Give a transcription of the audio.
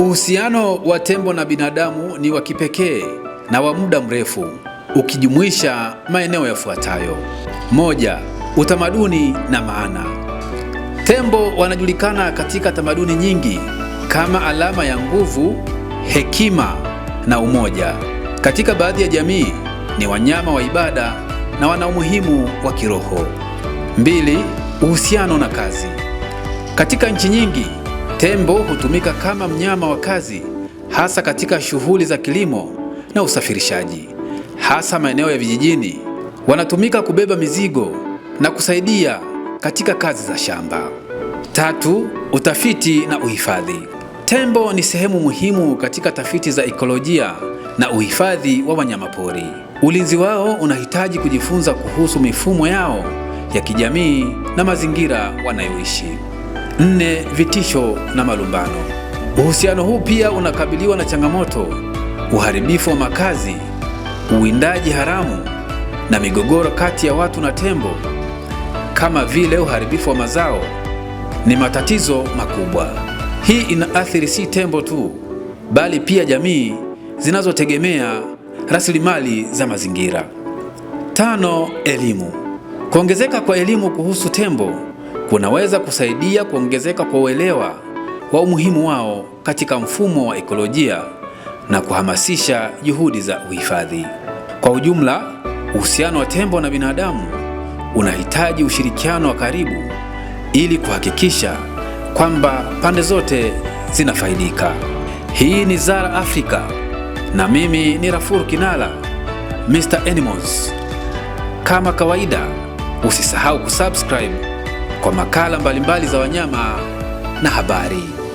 Uhusiano wa tembo na binadamu ni wa kipekee na wa muda mrefu ukijumuisha maeneo yafuatayo. Moja, utamaduni na maana. Tembo wanajulikana katika tamaduni nyingi kama alama ya nguvu, hekima na umoja. Katika baadhi ya jamii ni wanyama wa ibada na wana umuhimu wa kiroho. Mbili, uhusiano na kazi. Katika nchi nyingi Tembo hutumika kama mnyama wa kazi hasa katika shughuli za kilimo na usafirishaji, hasa maeneo ya vijijini. Wanatumika kubeba mizigo na kusaidia katika kazi za shamba. Tatu, utafiti na uhifadhi. Tembo ni sehemu muhimu katika tafiti za ikolojia na uhifadhi wa wanyamapori. Ulinzi wao unahitaji kujifunza kuhusu mifumo yao ya kijamii na mazingira wanayoishi. Nne, vitisho na malumbano. Uhusiano huu pia unakabiliwa na changamoto: uharibifu wa makazi, uwindaji haramu na migogoro kati ya watu na tembo, kama vile uharibifu wa mazao. Ni matatizo makubwa. Hii inaathiri si tembo tu, bali pia jamii zinazotegemea rasilimali za mazingira. Tano, elimu. Kuongezeka kwa elimu kuhusu tembo kunaweza kusaidia kuongezeka kwa uelewa wa umuhimu wao katika mfumo wa ekolojia na kuhamasisha juhudi za uhifadhi. Kwa ujumla, uhusiano wa tembo na binadamu unahitaji ushirikiano wa karibu ili kuhakikisha kwamba pande zote zinafaidika. Hii ni Zara Africa na mimi ni Rafuru Kinala, Mr Animals. Kama kawaida, usisahau kusubscribe kwa makala mbalimbali mbali za wanyama na habari.